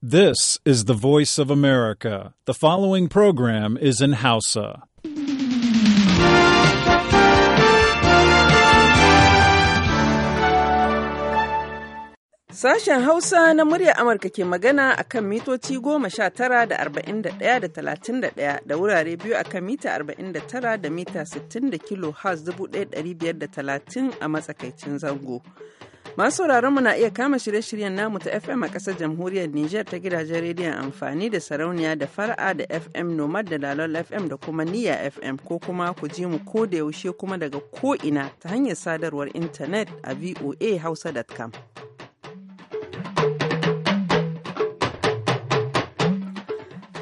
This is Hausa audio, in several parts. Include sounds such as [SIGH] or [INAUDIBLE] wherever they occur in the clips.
This is the voice of America. The following program is in Hausa. Sashen Hausa na muryar Amurka ke magana a kan mitoci goma sha tara da arba'in da ɗaya da talatin da ɗaya da wurare biyu a kan mita arba'in da tara da mita sittin da kilo has dubu ɗaya ɗari biyar da talatin a matsakaicin zango. Masu mu na iya kama shirye-shiryen namu ta FM a ƙasar jamhuriyar Nijar ta gidajen rediyon amfani da sarauniya da fara'a da FM Nomad da Dalol FM da kuma Niyya FM ko kuma ku ji mu ko da yaushe kuma daga ko ina ta hanyar sadarwar intanet a voa voahausa.com.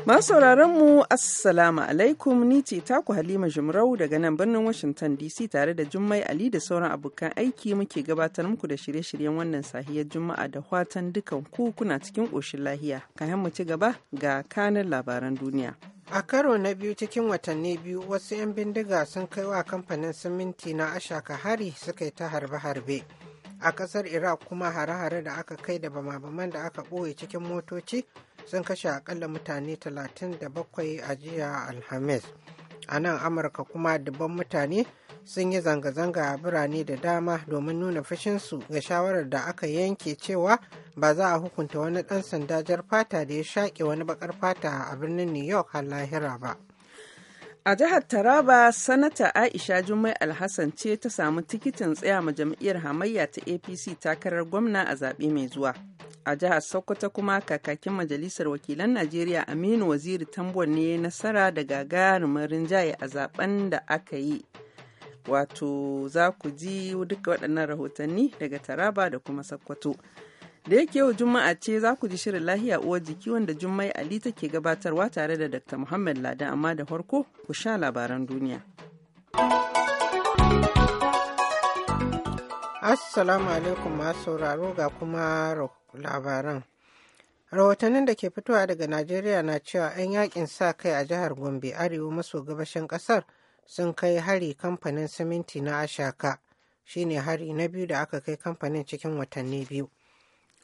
Masu mu assalamu alaikum ni ce taku halima jimrau daga nan birnin washington dc tare da jummai ali da sauran abokan aiki muke gabatar muku da shirye-shiryen wannan sahiyar juma'a da watan dukan ku kuna cikin koshin lahiya kayan mu ci gaba ga kanin labaran duniya a karo na biyu cikin watanni biyu wasu 'yan bindiga sun kai wa kamfanin siminti na ashaka hari suka yi ta harbe-harbe a kasar iraq kuma hare-hare da aka kai da bama-baman da aka ɓoye cikin motoci sun kashe akalla mutane 37 a jiya alhamis a nan amurka kuma dubban mutane sun yi zanga-zanga a birane da dama domin nuna fushinsu ga shawarar da aka yanke cewa ba za a hukunta wani ɗan sanda jar fata da ya shaƙe wani baƙar fata a birnin new york har lahira ba A jihar Taraba, Sanata Aisha Jummai Alhassan ce ta samu tikitin tsaya jam'iyyar hamayya ta APC takarar gwamna a zaɓe mai zuwa. A jihar Sokoto kuma kakakin Majalisar Wakilan Najeriya Aminu Waziri Tambon ne nasara da gagarumin rinjaye a zaben da aka yi. Wato za ku ji duka waɗannan rahotanni daga Taraba da kuma Sokoto. Da yake yau Juma'a ce za ku ji shirin lahiya uwar jiki wanda Jummai Ali take gabatarwa tare da Dr. Muhammad Lada amma da farko ku sha labaran duniya. Assalamu alaikum masu sauraro ga kuma labaran. Rahotannin da ke fitowa daga Najeriya na cewa 'yan yakin sa kai a jihar Gombe arewa maso gabashin kasar sun kai hari kamfanin siminti na Ashaka shine hari na biyu da aka kai kamfanin cikin watanni biyu.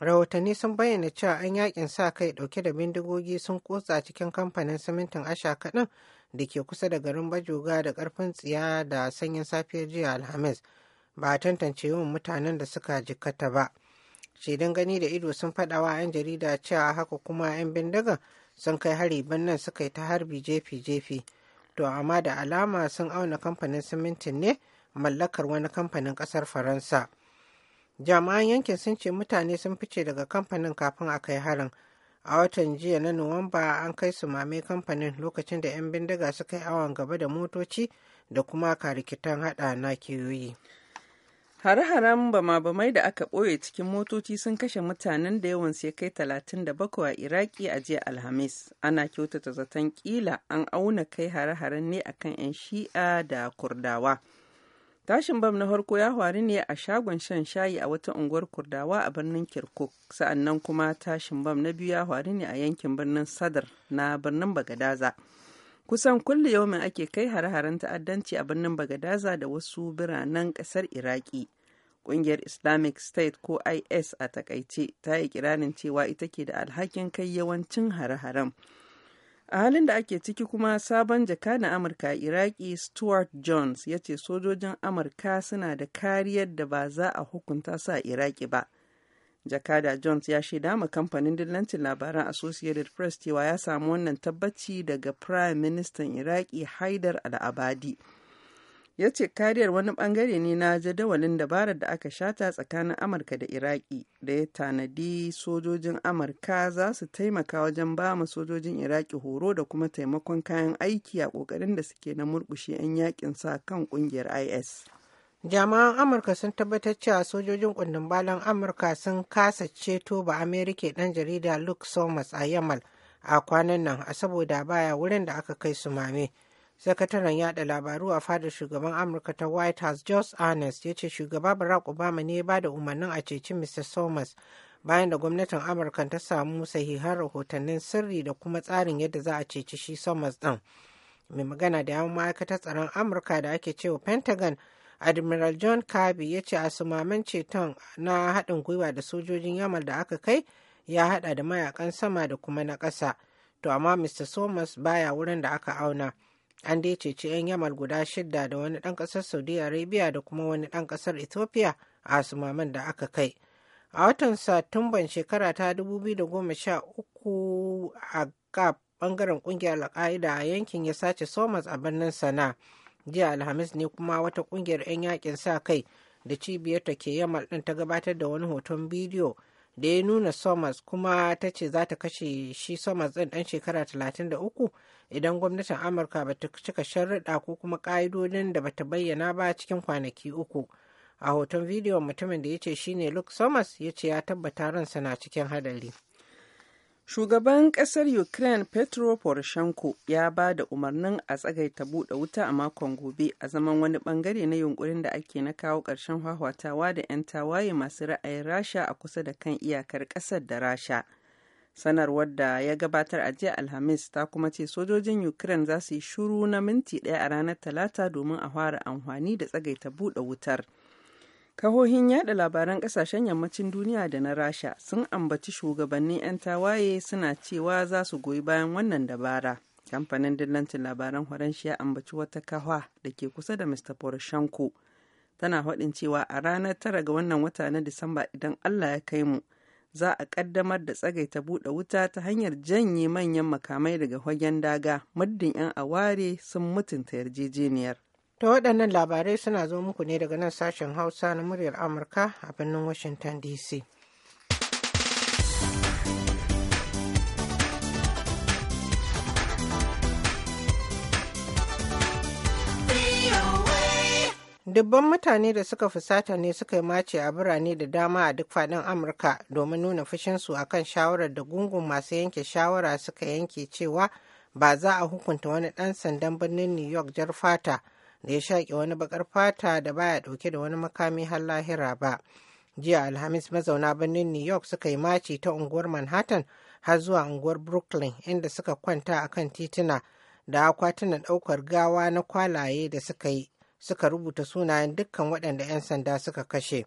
rahotanni sun bayyana cewa an yakin sa kai dauke da bindigogi sun kotsa cikin kamfanin simintin asha kaɗan da ke kusa da garin bajoga da karfin tsiya da sanyin safiyar jiya alhamis ba a tantance yawan mutanen da suka jikkata ba shaidan gani da ido sun faɗawa 'yan jarida cewa haka kuma 'yan bindigan sun kai hari nan suka yi ta harbi jefi-jefi to amma da alama sun auna kamfanin simintin ne mallakar wani kamfanin ƙasar faransa. jami'an yankin sun ce mutane sun fice daga kamfanin kafin a kai harin a watan jiya na nuwamba an kai su mame kamfanin lokacin da 'yan bindiga suka yi awon gaba da motoci da kuma karikitan hada na kiyoyi hare-haren bama-bamai da aka ɓoye cikin motoci sun kashe mutanen da yawan sai kai 37 a iraki a jiya alhamis ana kyautata zaton kila an auna kai hare-haren ne akan 'yan shi'a da kurdawa Tashin bam na harko ya faru ne a shagon shan shayi a wata unguwar Kurdawa a birnin Kirkuk, sa'annan kuma tashin bam na biyu ya faru ne a yankin birnin Sadar na birnin Bagadaza. Kusan kulle yaumin ake kai hare-haren ta'addanci a birnin Bagadaza da wasu biranen ƙasar Iraki. Ƙungiyar Islamic State ko IS a takaice ta yi kiranin cewa ita ke da alhakin kai yawancin hare-haren. a halin da ake ciki kuma sabon jaka na amurka a iraki stuart jones ya ce sojojin amurka suna da kariyar da ba za a hukunta su a iraki ba jakada jones ya shaida ma kamfanin dillancin labaran associated press cewa ya samu wannan tabbaci daga prime minister iraki haidar al'abadi ya ce kariyar wani bangare ne na jadawalin dabarar da aka shata tsakanin amurka da iraki da ya tanadi sojojin amurka za su taimaka wajen ba ma sojojin iraki horo da kuma taimakon kayan aiki a kokarin da suke na murkushe 'yan yakin sa kan kungiyar is jami'an amurka sun tabbatar cewa sojojin kundin balan amurka sun kasa ceto ba amerika dan jarida luke somers a yamal a kwanan nan a saboda baya wurin da aka kai su mame sakataren yada labaru a fadar shugaban amurka ta white house Jos arnest ya ce shugaba barack obama ne ya bada umarnin a ceci mr somers bayan da gwamnatin amurka ta samu sahihan rahotannin sirri da kuma tsarin yadda za a ceci shi somers din mai magana da yawon ma'aikatar tsaron amurka da ake cewa pentagon admiral john kirby ya ce a ceton na haɗin gwiwa da sojojin yamal da aka kai ya haɗa da mayakan sama da kuma na ƙasa to amma mr somers baya wurin da aka auna an dai ceci 'yan yamal guda shidda da wani ɗan ƙasar saudi arabia da kuma wani ɗan ƙasar ethiopia a asumaman da aka kai a watan satumban shekara ta 2013 a gab bangaren kungiyar alka'ida a yankin ya sace somas a birnin sana jiya alhamis ne kuma wata kungiyar 'yan yakin sa kai da cibiyar ta ke yamal ɗin ta gabatar da wani hoton bidiyo da ya nuna somers kuma ta ce za ta kashe shi somers ɗin ɗan shekara 33 idan gwamnatin amurka ba ta cika sharriɗa ko kuma ƙa'idodin da ba ta bayyana ba cikin kwanaki uku a hoton bidiyon mutumin da ya ce shine luke somers ya ce ya tabbata ransa na cikin hadari. Shugaban ƙasar Ukraine Petro Poroshenko ya ba da umarnin a tsagaita buɗe wuta a makon gobe a zaman wani bangare na yunkurin da ake na kawo ƙarshen hwahwatawa da 'yan tawaye masu ra'ayin Rasha a kusa da kan iyakar ƙasar da Rasha. Sanarwar da ya gabatar a jiya Alhamis ta kuma ce sojojin Ukraine za su yi shuru na minti ɗaya a ranar Talata domin a fara amfani da tsagaita buɗe wutar. Kahohin yada labaran kasashen yammacin duniya da na Rasha sun ambaci shugabannin 'yan tawaye suna cewa za su goyi bayan wannan dabara. Kamfanin dillancin labaran Horanshi ya ambaci wata kahwa da ke kusa da Mr. Poroshenko. Tana haɗin cewa a ranar tara ga wannan wata na Disamba idan Allah ya kai mu, za a ƙaddamar da tsagaita buɗe wuta ta hanyar janye manyan makamai daga fagen daga muddin 'yan aware sun mutunta yarjejeniyar. Da waɗannan labarai suna zo muku ne daga nan sashen Hausa na muryar Amurka a birnin Washington DC. Dubban mutane da suka fusata ne suka yi mace a birane da dama a duk faɗin Amurka domin nuna fushinsu a kan shawarar da gungun masu yanke shawara suka yanke cewa ba za a hukunta wani ɗan sandan birnin New York jar fata da ya shaƙe wani bakar fata da baya ɗauke da wani makami har lahira ba. Jiya Alhamis mazauna birnin New York suka yi maci ta unguwar Manhattan har zuwa unguwar Brooklyn inda suka kwanta a kan tituna da akwatunan ɗaukar gawa na kwalaye da suka yi suka rubuta sunayen dukkan waɗanda 'yan sanda suka kashe.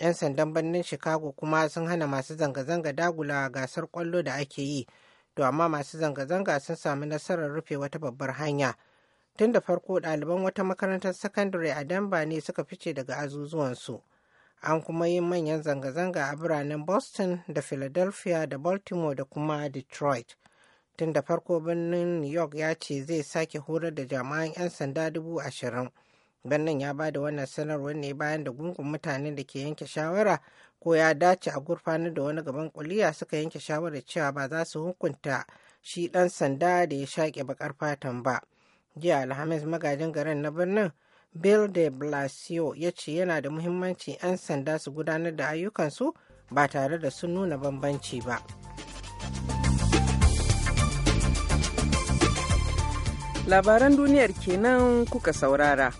'Yan sandan birnin Chicago kuma sun hana masu zanga-zanga dagula gasar kwallo da ake yi, to amma masu zanga-zanga sun samu nasarar rufe wata babbar hanya. tun da farko ɗaliban wata makarantar sakandare a damba ne suka fice daga azuzuwansu. An kuma yi manyan zanga-zanga a biranen Boston da Philadelphia da Baltimore da kuma Detroit. Tun da farko birnin New York ya ce zai sake horar da jama'an 'yan sanda dubu ashirin. Birnin ya ba da wannan sanarwar ne bayan da gungun mutanen da ke yanke shawara ko ya dace a gurfanar da wani gaban kuliya suka yanke shawarar cewa ba za su hukunta shi ɗan sanda da ya shaƙe baƙar fatan ba. jiya alhamis magajin garin na birnin bill de blasio ya ce yana da muhimmanci 'yan sanda su gudanar da ayyukansu ba tare da sun nuna bambanci ba labaran duniyar kenan kuka saurara.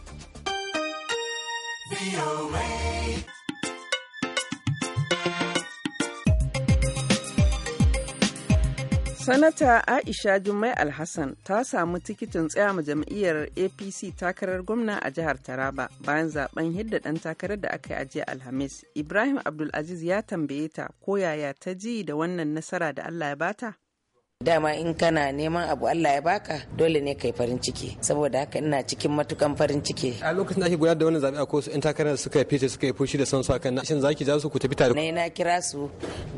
Sanata Aisha Jummai Alhassan ta samu tikitin tsaya ma jam'iyyar APC takarar gwamna a jihar Taraba bayan zaben yadda ɗan takarar da aka yi a jiya Alhamis. Ibrahim Abdulaziz ya tambaye ta ko yaya ta ji da wannan nasara da Allah ya bata? dama in kana neman abu Allah ya baka dole ne kai farin ciki saboda haka ina cikin matukan farin ciki a lokacin da ake gudanar da wannan zabe a su yan suka suka fice suka yi fushi da sansu akan shin zaki ja su ku tafi tare na kira su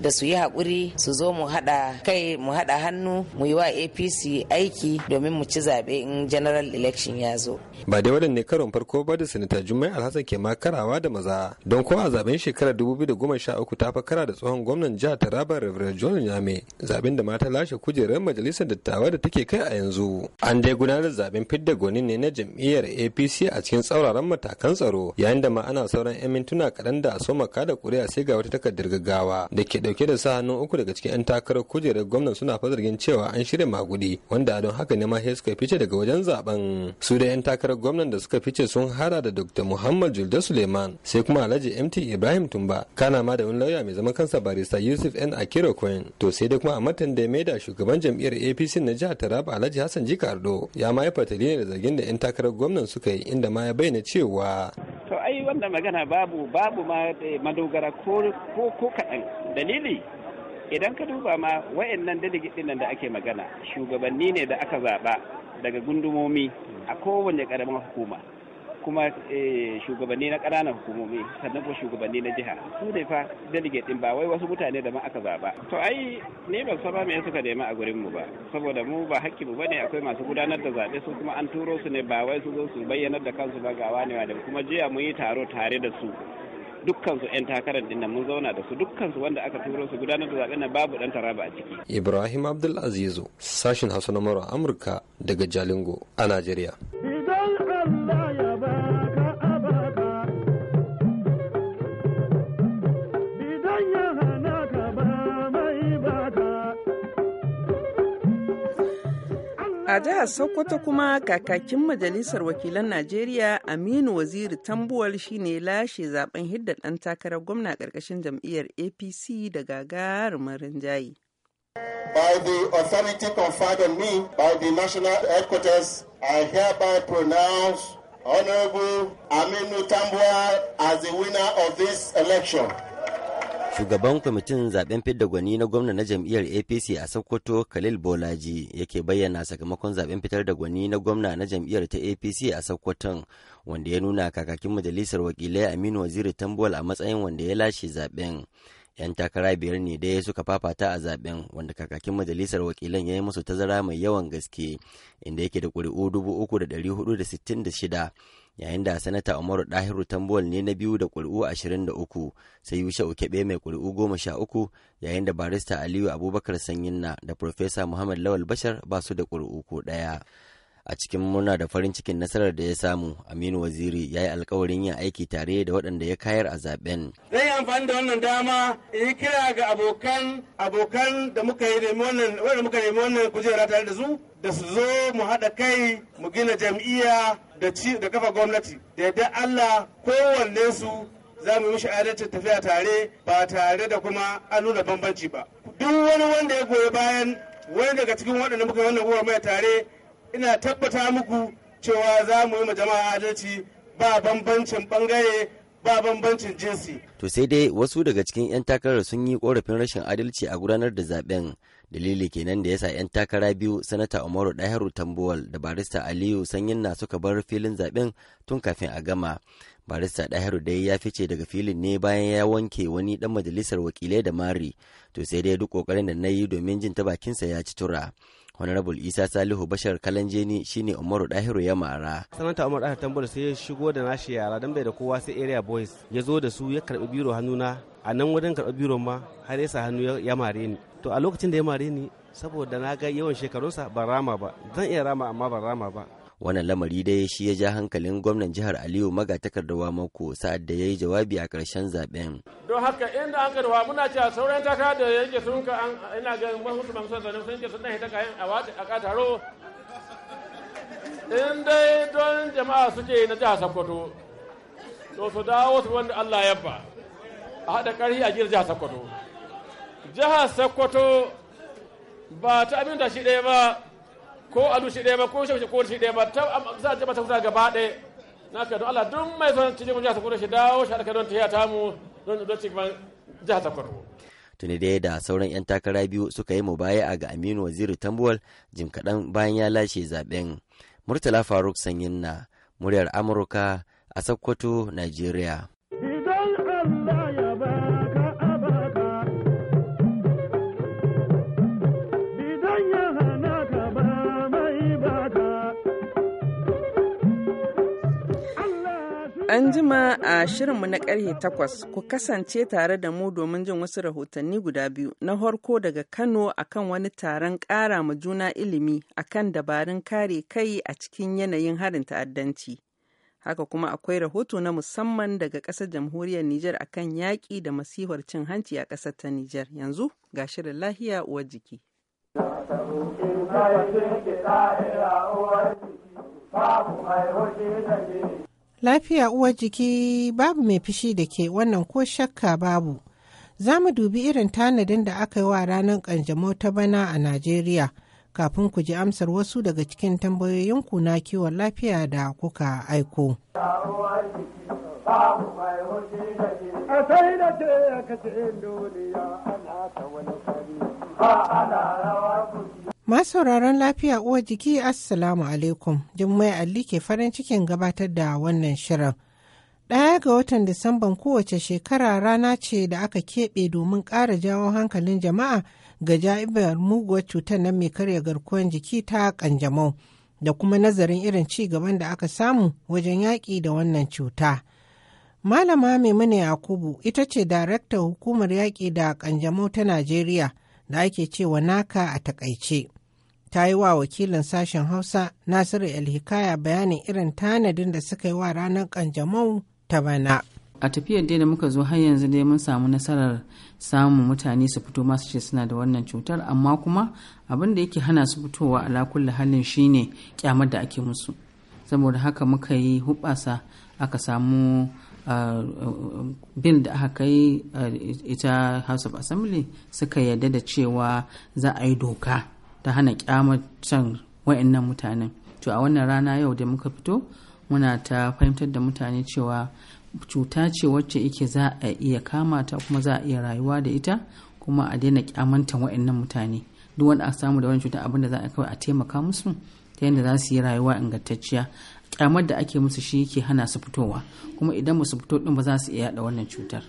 da su yi hakuri su zo mu hada kai mu hada hannu mu yi wa APC aiki domin mu ci zabe in general election ya zo ba dai wadanne karon farko ba da sanata Jummai Alhassan ke ma karawa da maza don ko a zaben shekarar 2013 ta fakara da tsohon gwamnan jihar Taraba Reverend John Nyame zaben da mata lashe kuji kujerar majalisar dattawa da take kai a yanzu an dai gudanar zaben fidda gwanin ne na jam'iyyar apc a cikin tsauraran matakan tsaro yayin da ma ana sauran yan mintuna kaɗan da a soma da kuri'a sai ga wata takardar gaggawa da ke dauke da sa hannun uku daga cikin 'yan takarar kujerar gwamnan suna fazargin cewa an shirya magudi wanda a don haka ne ma suka fice daga wajen zaben su da 'yan takarar gwamnan da suka fice sun hada da dr muhammad julda suleiman sai kuma alhaji mt ibrahim tumba kana ma da wani lauya mai zaman kansa barista yusuf n akiro to sai dai kuma a matan da ya maida shi shugaban jam'iyyar apc na jihar taraba alhaji hassan ardo ya ma fatali ne da zargin da 'yan takarar gwamnan suka yi inda ma ya bayyana cewa to ai wannan magana babu babu ma madogara ko ko kaɗan dalili idan ka duba ma wayannan delegate nan da ake magana shugabanni ne da aka zaɓa daga gundumomi a kowane ƙaramin hukuma kuma eh, shugabanni na ƙananan hukumomi sannan kuma shugabanni na jiha su ne fa delegate din ba wai wasu mutane da ma aka zaba to ai ne ban saba me suka nemi a gurin mu ba saboda mu ba hakki mu bane akwai masu gudanar da zabe su kuma an turo su ne ba wai su zo su bayyana da kansu ba ga wani da kuma jiya mu yi taro tare da su dukkansu 'yan takarar din nan mun zauna da su dukkansu wanda aka turo su gudanar da zaben nan babu dan taraba a ciki. Ibrahim Abdulazizu sashin Hausa na Amurka daga Jalingo a Najeriya. Sokoto kuma kakakin Majalisar Wakilan Najeriya Aminu Waziri Tambuwal shine lashe zaben hidda dan takarar gwamna karkashin jam'iyyar APC da gagarumin rinjaye. By the authority conferred on me by the national headquarters, I hereby pronounce Honorable Aminu Tambuwal as the winner of this election. shugaban kwamitin zaben fidda gwani na gwamna na jam'iyyar apc a sokoto khalil bolaji yake bayyana sakamakon zaben fitar da gwani na gwamna na jam'iyyar ta apc a sokoton wanda ya nuna kakakin majalisar wakilai aminu waziri tambuwal a matsayin wanda ya lashe zaben yan takara biyar ne dai suka fafata a zaben wanda kakakin majalisar wakilan ya yi musu tazara mai yawan gaske inda yake da ƙuri'u dubu uku da ɗari hudu da sittin da shida yayin da sanata umaru dahiru tambuwal ne na biyu da ƙuri'u ashirin da uku sai yusha ukebe mai ƙuri'u goma sha uku yayin da barista aliyu abubakar sanyinna da profesa muhammad lawal bashar ba su da ƙuri'u ko ɗaya a cikin murna da farin cikin nasarar da ya samu aminu waziri ya yi alkawarin yin aiki tare da waɗanda ya kayar a zaben zai amfani da wannan dama in yi kira ga abokan abokan da muka yi wannan nemi wannan kujera tare da su da su zo mu haɗa kai mu gina jam'iyya da ci da kafa gwamnati da yadda Allah kowanne su za mu mishi adalcin tafiya tare ba tare da kuma an nuna bambanci ba duk wani wanda ya goyi bayan wani daga cikin waɗanda muka yi wannan mai tare ina tabbata muku cewa za mu yi ma jama'a adalci ba bambancin bangare ba bambancin jinsi. To sai dai wasu daga cikin 'yan takarar sun yi korafin rashin adalci a gudanar da zaben dalili kenan da yasa 'yan takara biyu sanata umaru ɗahiru tambuwal da barista aliyu sanyin na suka bar filin zaben tun kafin a gama barista ɗahiru dai ya fice daga filin ne bayan ya wanke wani ɗan majalisar wakilai da mari to sai dai duk ƙoƙarin da na yi domin jin ta bakinsa ya ci tura honorable isa salihu bashar kalanjeni shine umaru dahiru ya mara sanata umaru dahiru tambol sai ya shigo da nashi yara dan bai da kowa sai area boys ya zo da su ya karbi biro hannuna a nan wajen karɓi biro ma har ya hannu ya mare ni to a lokacin da ya mare ni saboda na ga yawan shekarunsa ba rama ba zan iya rama amma ban rama ba wannan lamari dai shi ya ja hankalin gwamnan jihar aliyu wa mako sa'ad da ya yi jawabi a ƙarshen zaben don haka inda an karwa muna cewa sauran takara da yake sun ka an ina ga mahutu mamsan sanin sun ke sun dan hita kayan a wace a kataro in dai don jama'a suke na jihar sakkwato to su dawo su wanda Allah ya ba a haɗa ƙarfi a jihar sakkwato jihar sakkwato ba ta abin da shi ɗaya ba ko alu shi ɗaya ba ko shi ko shi ɗaya ba ta za ta ta gaba ɗaya na ka don Allah duk mai son cikin jihar sakkwato shi dawo shi haɗa kai don ta mu don ci jihar ta tuni dai da sauran 'yan takara biyu suka yi mubaya'a ga aminu waziri tambuwal jim kaɗan bayan ya lashe zaben murtala faruk sanyin na muryar amurka a sokoto nigeria An jima a shirinmu na karhe takwas ku kasance tare da mu domin jin wasu rahotanni guda biyu na harko daga Kano akan wani taron ƙara ma juna ilimi akan dabarun kare kai a cikin yanayin harin ta'addanci. Haka kuma akwai rahoto na musamman daga ƙasar jamhuriyar Nijar akan yaƙi da masihar cin hanci a ƙasar ta Nijar. Yanzu ga shirin lahiya uwar jiki. Babu mai hoshi da Lafiya uwar jiki babu mai fushi da ke wannan ko shakka babu. Za mu dubi irin tanadin da aka yi wa ranar ƙanjamau ta bana a Najeriya kafin ku ji amsar wasu daga cikin tambayoyinku na kiwon lafiya da kuka aiko. Ba sauraron lafiya uwar jiki assalamu alaikum jummai alli ke farin cikin gabatar da wannan shirin ɗaya ga watan disamban kowace shekara rana ce da aka keɓe domin ƙara jawo hankalin jama'a ga ja'ibar muguwar cutar na mai karya garkuwar jiki ta ƙanjamau da kuma nazarin irin ci gaban da aka samu wajen yaƙi da wannan cuta. Malama Maimuna Yakubu ita ce daraktar hukumar yaƙi da ƙanjamau ta Najeriya da ake cewa naka a takaice. ta yi wa wakilin sashen Hausa Nasiru Elhikaya bayanin irin tanadin da suka yi wa ranar kanjamau ta bana. A tafiyar dai da muka zo har yanzu dai mun samu nasarar samun mutane su fito masu ce suna da wannan cutar amma kuma abin da yake hana su fitowa a lakulla halin shine kyamar da ake musu. Saboda haka muka yi hubasa aka samu bin da aka kai ita House of Assembly suka yarda da cewa za a yi doka. ta hana kyamar can wa'annan mutanen to a wannan rana yau da muka fito muna ta fahimtar da mutane cewa cuta ce wacce ike za a iya kama ta kuma za a iya rayuwa da ita kuma a daina kyamantan wa'annan mutane duk wanda a samu da wani cuta abin da za a kawai a taimaka musu ta yadda za su yi rayuwa ingantacciya kyamar da ake musu shi ke hana su fitowa kuma idan ba su fito din ba za su iya yada wannan cutar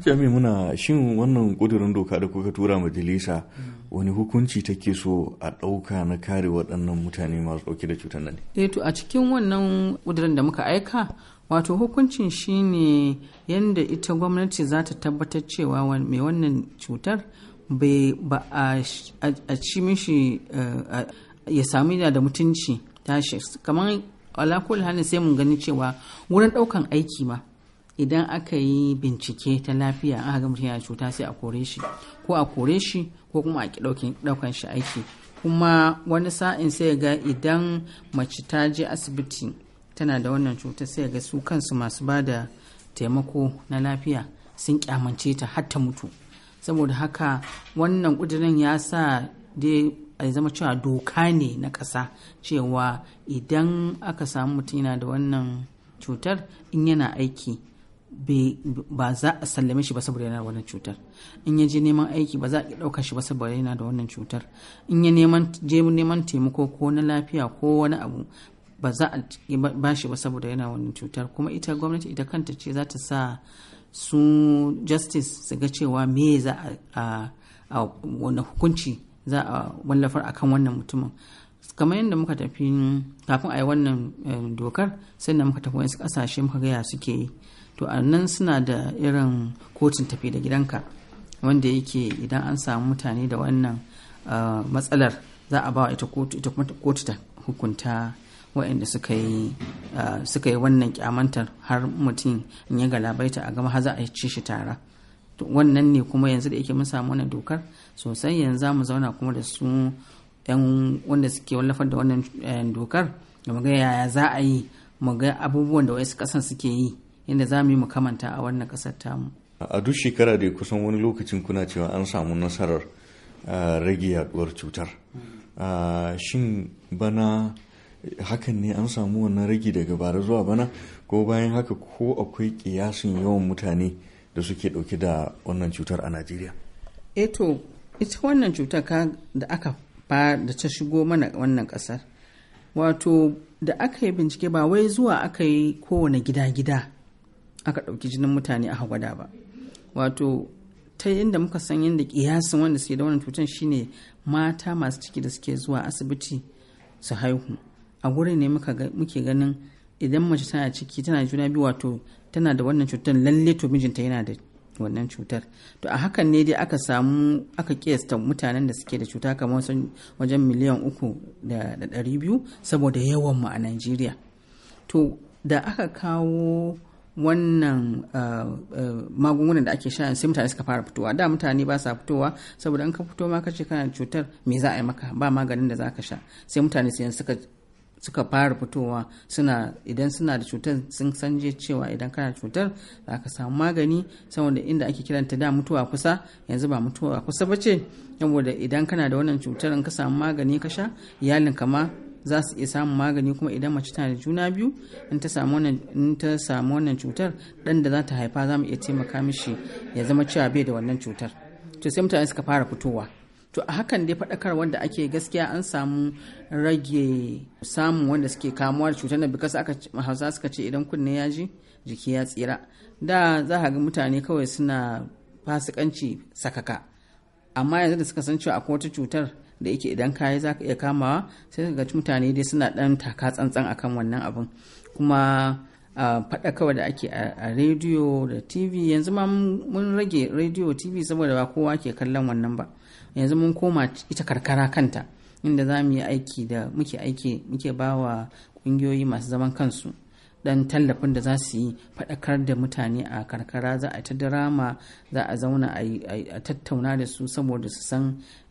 Jami muna shin wannan kudurin doka da kuka tura majalisa wani hukunci take so a ɗauka na kare waɗannan mutane masu ɗauke da cutar nan? Eh to a cikin wannan kudurin da muka aika wato hukuncin shine yadda ita gwamnati za ta tabbatar cewa mai wannan cutar bai ba a ci mishi eh, ya sami da mutunci tashi kamar alakul hannun sai mun gani cewa wurin ɗaukan aiki ma idan aka yi bincike ta lafiya aka ga mutum yana cuta sai a kore shi ko a kore shi ko kuma a ɗaukan shi aiki kuma wani sa'in sai ga idan mace ta je asibiti tana da wannan cuta sai ga su kansu masu ba da taimako na lafiya sun kyamance ta har ta mutu saboda haka wannan ƙudurin ya sa dai a zama cewa doka ne na ƙasa cewa idan aka samu mutum yana da wannan cutar in yana aiki ba za a sallame shi ba saboda yana da wannan cutar in ya je neman aiki ba za a ɗauka shi ba saboda yana da wannan cutar in ya je neman taimako ko na lafiya ko wani abu ba za a ba shi ba saboda yana wannan cutar kuma ita gwamnati ita kanta ce za ta sa su justice su ga cewa me za a wani hukunci za a wallafar akan wannan mutumin kamar yadda muka tafi kafin a yi wannan eh, dokar sai da muka tafi wasu kasashe muka gaya suke yi to a nan suna da irin kotun tafi da gidanka wanda yake idan an samu mutane da wannan ah, matsalar za a ba ita kotu ita kotu ta hukunta waɗanda suka yi ah, wannan kyamantar har mutum in ya galabaita a gama har za a ci shi tara wannan ne kuma yanzu da yake mun samu wannan dokar sosai yanzu za mu zauna kuma da su yan wanda suke wallafar da wannan eh, dokar da ga yaya za a yi mu ga abubuwan da wasu kasan suke yi inda za mu yi mukamanta a wannan ƙasar tamu. a duk shekara da kusan wani lokacin kuna cewa an samu nasarar rage yaduwar cutar shin bana hakan ne an samu wannan rage daga bara zuwa bana ko bayan haka ko akwai kiyasin yawan mutane da suke dauke da wannan cutar a najeriya eto eh ita wannan cutar da aka fa da ta shigo mana wannan kasar wato da aka yi bincike ba wai zuwa aka yi kowane gida-gida aka ɗauki jinin mutane aka gwada ba wato ta yadda muka san yadda kiyasin wanda suke da wannan cutar shine mata masu ciki da suke zuwa asibiti su haihu a gurin ne muke ganin idan mace tana ciki tana juna biyu wato tana da wannan cutar lalle to mijinta yana da wannan cutar to a hakan ne dai aka samu aka kiyasta mutanen da suke da cuta kamar wajen miliyan uku da ɗari biyu saboda yawan mu a najeriya to da aka kawo wannan ah, ah, magungunan da ake sha sai mutane suka fara fitowa da mutane ba sa fitowa saboda in ka fito ma kace kana cutar me za a yi maka ba maganin da za ka sha sai mutane sai suka suka fara fitowa suna idan suna da cutar sun san je cewa idan kana cutar za ka samu magani saboda inda ake kiranta da mutuwa kusa yanzu ba mutuwa kusa ba ce saboda idan kana da wannan cutar in ka samu magani ka sha iyalin kama. za su iya samun magani kuma idan mace tana da juna biyu in ta samu wannan cutar dan da za ta haifa za mu iya taimaka mishi ya zama cewa bai da wannan cutar to sai mutane suka fara fitowa to a hakan dai faɗakar wanda ake gaskiya an samu rage samun wanda suke kamuwa da cutar nan bikas aka hausa suka ce idan kunne ya ji jiki ya tsira da za ga mutane kawai suna fasikanci sakaka amma yanzu da suka san cewa akwai wata cutar da yake idan kayi za ka iya kamawa sai ka ga mutane dai suna dan taka tsantsan akan wannan abin kuma faɗa kawai da ake a rediyo da tv yanzu ma mun rage rediyo tv saboda ba kowa ke kallon wannan ba yanzu mun koma ita karkara kanta inda za mu yi aiki da muke aiki muke ba wa ƙungiyoyi masu zaman kansu dan tallafin da za su yi faɗakar da mutane a karkara za a ta drama za a zauna a tattauna da su saboda su san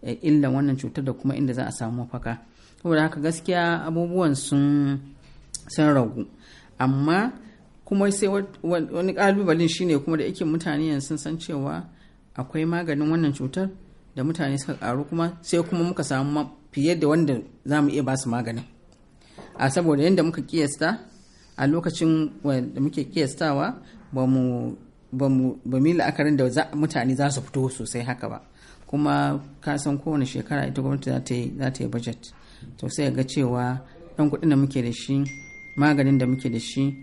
eh, illan wannan cutar da kuma inda za a samu mafaka saboda haka gaskiya abubuwan sun sun ragu amma kuma sai wani kalubalen shine kuma da yake mutane yanzu san cewa akwai maganin wannan cutar da mutane suka karu kuma sai kuma muka samu fiye da wanda za mu iya basu maganin a saboda yadda muka kiyasta a lokacin da muke kiyastawa ba mu yi la'akarin da mutane za su fito sosai haka ba kuma ka san kowane shekara ita gwamnati za ta yi budget to sai ga cewa ɗan kuɗin da muke da shi maganin da muke da shi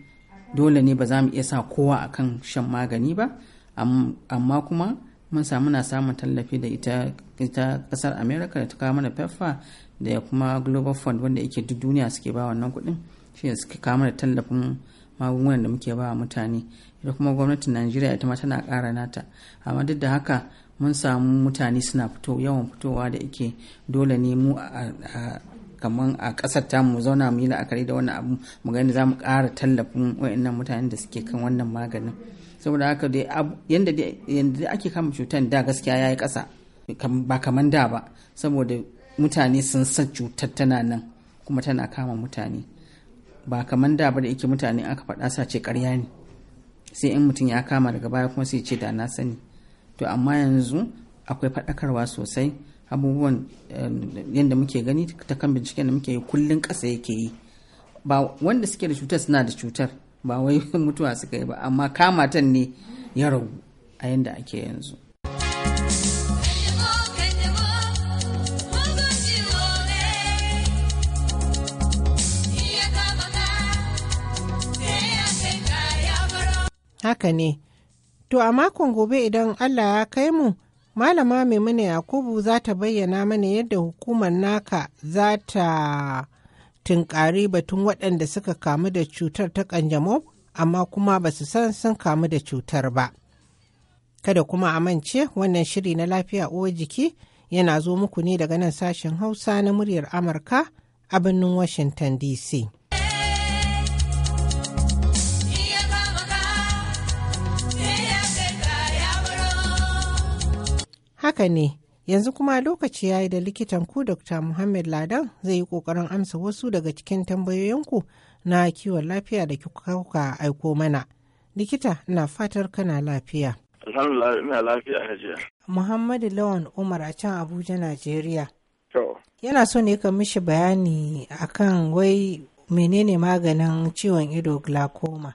dole ne ba za mu iya sa kowa akan shan magani ba amma kuma mun samu na samun tallafi da ita ƙasar kasar america da ta kawo mana pepfa da kuma global fund wanda yake duk duniya suke ba wannan kuɗin shi ne suka kama da tallafin magungunan da muke ba mutane ita kuma gwamnatin najeriya ita ma tana kara nata amma duk da haka mun samu mutane suna fito yawan fitowa da yake dole ne mu a kamar a kasar ta mu zauna mu yi la'akari da wannan abu mu gani za mu kara tallafin wa'annan mutanen da suke kan wannan maganin saboda haka dai dai ake kama cutan da gaskiya ya yi kasa ba kaman da ba saboda mutane sun san cutar tana nan kuma tana kama mutane ba kamar da ba da yake mutane aka faɗa sa ce ƙarya ne sai in mutum ya kama daga baya kuma sai ce da na sani to amma yanzu akwai faɗakarwa sosai abubuwan eh, yadda muke gani ta kan binciken da muke yi kullun ƙasa yake yi ba wanda suke da cutar suna da cutar ba wai [LAUGHS] mutuwa suka yi ba amma kamatan ne ya ragu a yadda ake yanzu haka ne. To a makon gobe idan Allah ya kai mu, Malama Maimuna Yakubu za ta bayyana mana yadda hukumar naka za ta tunkari batun waɗanda suka kamu da cutar ta ƙanjamau amma kuma ba su san sun kamu da cutar ba. Kada kuma a mance wannan shiri na lafiya uwar jiki yana zo muku ne daga nan sashen Hausa na muryar Amurka a birnin Washington DC. Haka ne, yanzu kuma lokaci ya yi da likitan ku Dr. Muhammad Ladan zai yi ƙoƙarin amsa wasu daga cikin tambayoyinku na kiwon lafiya da kuka aiko mana. Likita na fatar kana lafiya. Muhammadu Lawan Umar a can Abuja, Najeriya. Yana so ne ka mishi bayani akan wai menene maganin ciwon ido glaucoma.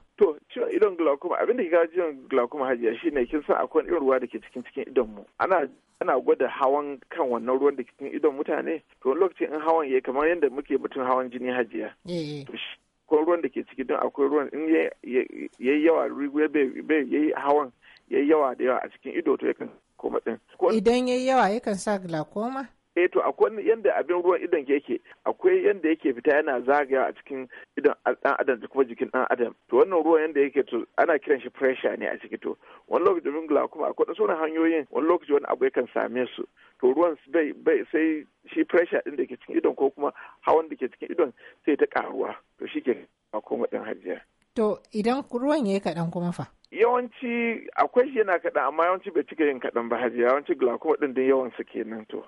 glaucoma abin da ke kawo ciwon glaucoma hajiya shine kin san akwai irin ruwa da ke cikin cikin idon mu ana ana gwada hawan kan wannan ruwan da ke cikin idon mutane to wani lokacin in hawan yayi kamar yadda muke mutum hawan jini hajiya eh, eh. ko ruwan da ke ciki don akwai ruwan in yayi yawa rigu bai yayi hawan yayi yawa da yawa a cikin ido to yakan koma din idan yayi yawa yakan sa glaucoma eh to akwai yanda abin ruwan idan yake akwai yanda yake fita yana zagaya a cikin idan dan adam da kuma jikin dan adam to wannan ruwan yanda yake to ana kiran shi pressure ne a ciki to wani lokaci domin gula kuma akwai da sauran hanyoyin wani lokaci wani abu yakan same su to ruwan bai bai sai shi pressure din da ke cikin idon ko kuma hawan da ke cikin idon sai ta karuwa to shi ke glaucoma din hajiya to idan ruwan yayi kadan kuma fa yawanci akwai shi yana kaɗan amma yawanci bai cika yin kaɗan ba hajiya yawanci glaucoma ɗin din yawan su kenan to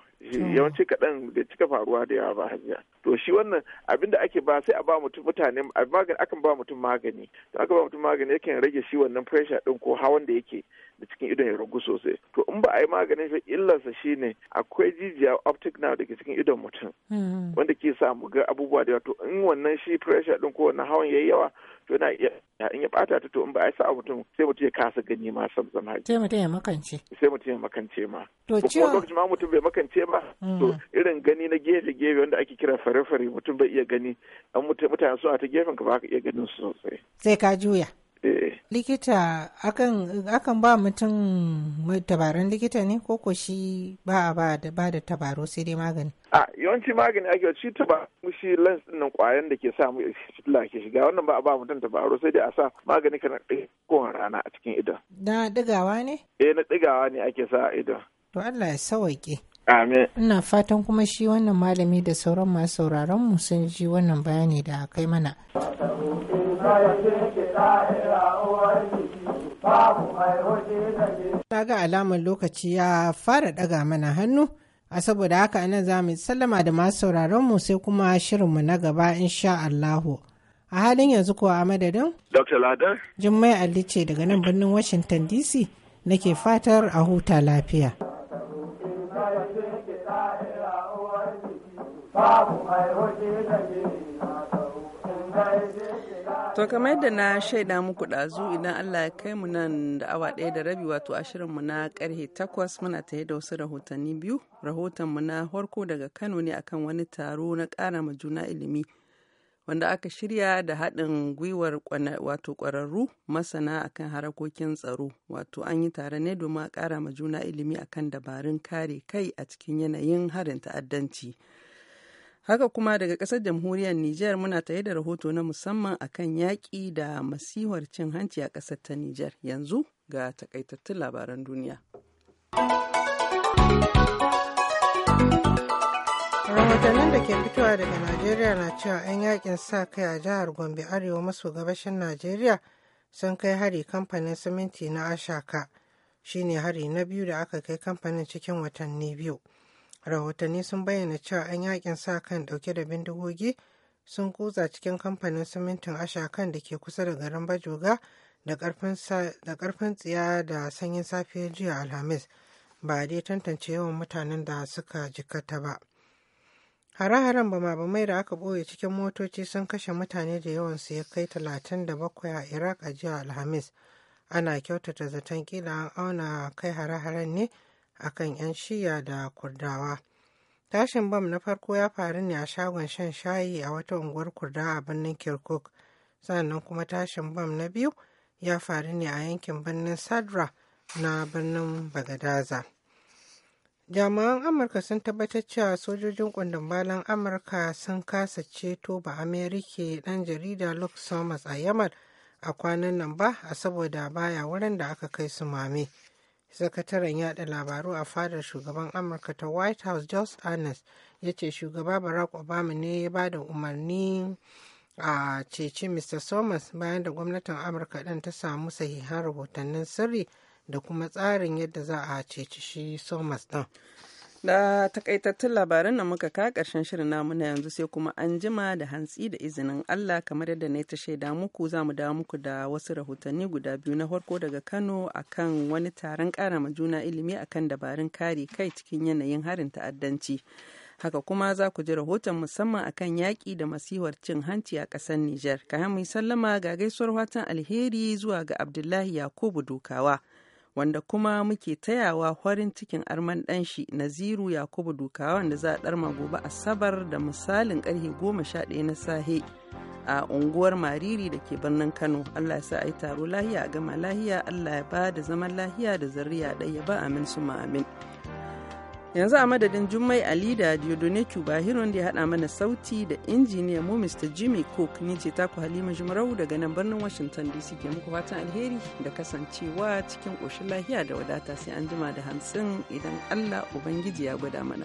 yawanci kaɗan bai cika faruwa da yawa ba hajiya to shi wannan abin da ake ba sai a ba mutum mutane magani akan ba mutum magani to aka ba mutum magani yakan rage shi wannan pressure ɗin ko hawan da yake da cikin idon ya ragu sosai to in ba a yi maganin shi illarsa shine akwai jijiya optic nerve da ke cikin idon mutum hmm. wanda ke sa mu ga abubuwa da yawa to in wannan shi pressure din ko wannan hawan yayi yawa to yana iya in ya bata ta to in ba a yi sa'a mutum sai mutum ya kasa gani ma sam sam sai mutum ya makance sai mutum ya makance ma to ciwon lokacin ma mutum bai makance ba to hmm. irin gani na gefe gefe wanda ake kira fare fare mutum bai iya gani an mutane suna ta gefen ka ba ka iya ganin su sosai sai ka juya likita akan ba mutum tabarin likita ne ko ko shi ba a ba da tabaro sai dai magani a yawanci magani ake shi taba shi lens din nan kwayan da ke sa mu fitila ke shiga wannan ba a ba mutum tabaro sai dai a sa magani kana kowane rana a cikin idon na digawa ne eh na digawa ne ake sa a idon to Allah ya sawaike Amin. Ina fatan kuma shi wannan malami da sauran masu sauraron mu sun ji wannan bayani da kai mana. Na ga alamar lokaci ya fara ɗaga mana hannu, a saboda haka anan za mu sallama da masu mu sai kuma shirinmu na gaba insha Allahu. A halin yanzu kuwa a madadin? Dr. Jummai Ali ce daga nan birnin Washington DC nake fatar a huta lafiya. Babu mai da To kamar yadda na shaida muku ɗazu idan Allah ya kai mu nan da awa ɗaya da rabi wato ashirin mu na karhe takwas muna tare da wasu rahotanni biyu. rahoton mu na farko daga Kano ne akan wani taro na ƙara ma juna ilimi wanda aka shirya da haɗin gwiwar wato ƙwararru masana akan harakokin tsaro wato an yi tare ne domin a ƙara ma juna ilimi akan dabarun kare kai a cikin yanayin harin ta'addanci. Haka kuma daga ƙasar jamhuriyar Nijar muna tare da rahoto na musamman akan yaƙi da masihar cin hanci a ƙasar ta Nijar. Yanzu ga takaitattun labaran duniya. Rahotannin da ke fitowa daga Najeriya na cewa 'yan yakin sa kai a jihar Gombe Arewa maso gabashin Najeriya sun kai hari kamfanin siminti na Ashaka. shine hari na biyu da aka kai kamfanin cikin watanni biyu. rahotanni sun bayyana cewa an yakin sa kan dauke da bindigogi sun kutsa cikin kamfanin simintin ashakan da ke kusa da garin bajoga da karfin tsiya da sanyin safiyar jiya alhamis ba a dai tantance yawan mutanen da suka jikata ba hare-haren ba mai da aka ɓoye cikin motoci sun kashe mutane da yawan su ya kai 37 a iraq a jiya alhamis ana kyautata zaton kila an auna kai hare-haren ne akan 'yan shiya da kurdawa tashin bam na farko ya faru ne a shagon shan shayi a wata unguwar kurda a birnin kirkuk sannan kuma tashin bam na biyu ya faru ne a yankin birnin sadra na birnin bagadaza jami'an amurka sun tabbatar cewa sojojin kundin amurka sun kasa ceto ba amerika ɗan jarida luke summers a yamal a kwanan nan ba a saboda baya wurin da aka kai su mame sakataren yada labaru a fadar shugaban amurka ta white house Jos arnest ya ce shugaba barack obama ne ya ba da umarni a ceci mr somers bayan da gwamnatin amurka ɗin ta samu sahihan rahotannin sirri da kuma tsarin yadda za a ceci shi somers ɗin Da takaitattun labaran nan muka ka karshen shirin namu na yanzu sai kuma an jima da hantsi da izinin Allah kamar yadda na ta shaida muku za mu dawo muku da wasu rahotanni guda biyu na farko daga Kano akan wani taron ƙara ma juna ilimi akan dabarun kare kai cikin yanayin harin ta'addanci. Haka kuma za ku ji rahoton musamman akan yaƙi da masihuwar cin hanci a ƙasar Nijar. Ka mu sallama ga gaisuwar watan alheri zuwa ga Abdullahi Yakubu Dukawa. wanda kuma muke tayawa farin cikin arman dan shi Naziru Yakubu Dukawa wanda za a ɗarma gobe Asabar da misalin karhe goma sha ɗaya na sahe a unguwar Mariri da ke birnin Kano. Allah ya sa a yi taro lahiya a gama lahiya, Allah ya ba da zaman lahiya da zariya ɗaya ba amin su amin. yanzu a madadin jummai ali da diodone cubahiron da ya haɗa mana sauti da injiniya mu mr jimmy cook ni ce taku halima jimarau daga nan birnin washington dc ke muku fatan alheri da kasancewa cikin koshin lahiya da wadata sai an jima da hamsin idan allah ubangiji ya gwada mana.